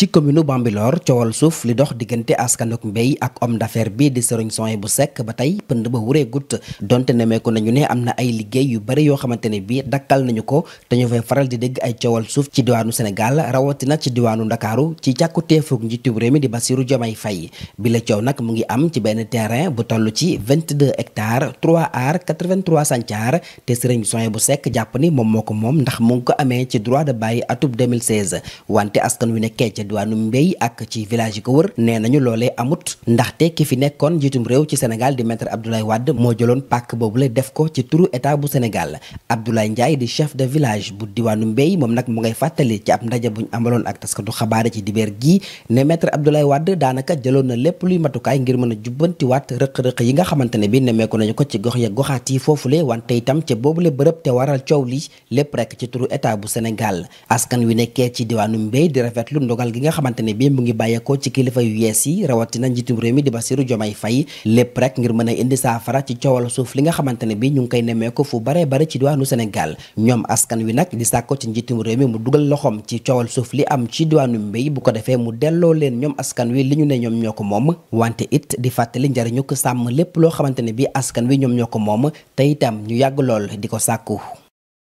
ci commune Bambilor coowal suuf li dox diggante askanuk mbéy ak homme d'affaires bi di Serigne Soye bu sekk ba tey pënd ba wuree gut donte nemeeku nañu ne am na ay liggéey yu bari yoo xamante ne bii dakkal nañu ko te fay faral di dégg ay cowal suuf ci diwaanu Sénégal rawatina ci diwaanu Ndakaaru ci càkkutéefug njiitu réew mi di Bassirou Diomaye Faye bi la coow nag mu ngi am ci benn terrain bu toll ci 22 hectares 3 ar 83 santiar te Serigne Soye bu Seck jàpp ni moom moo ko moom ndax mu ngi ko amee ci droit de bail atub 2016 wante askan wi nekkee diwaanu Mbey ak ci village yi ko wër nee nañu loolee amut ndaxte ki fi nekkoon njiitum réew ci Sénégal di maître Abdoulaye Wade moo jëloon pàkk boobu la def ko ci turu état bu Sénégal Abdoulaye Ndiaye di chef de village bu diwaanu Mbey moom nag mu ngay fàttali ci ab ndaje buñ amaloon ak taskatu xabaare ci dibeer gii ne maître Abdoulaye Wade daanaka jëloon na lépp luy matukaay ngir mën a jubbantiwaat rëq-rëq yi nga xamante ne bi nemeeku nañu ko ci gox ya goxaat yi foofule wante itam ca boobule bërëb te waral coow li lépp rek ci turu état bu Sénégal askan wi nekkee ci diwaanu Mbey di rafetlu ndogal gi gi nga xamante ne bii mu ngi bàyyeekoo ci kilifa yu yees yi rawatina njiitum réew mi di Bassirou Diomaye fay lépp rek ngir mën a indi saafara ci coowal suuf li nga xamante ne bii ñu ngi koy nemmee ko fu bare bare ci diwaanu Sénégal ñoom askan wi nag di sàkkoo ci njiitum réew mi mu dugal loxoom ci coowal suuf li am ci diwaanu mbéy bu ko defee mu delloo leen ñoom askan wi li ñu ne ñoom ñoo ko moom wante it di fàttali njariñu ko sàmm lépp loo xamante ne bii askan wi ñoom ñoo ko moom te itam ñu yàgg lool di ko sàkku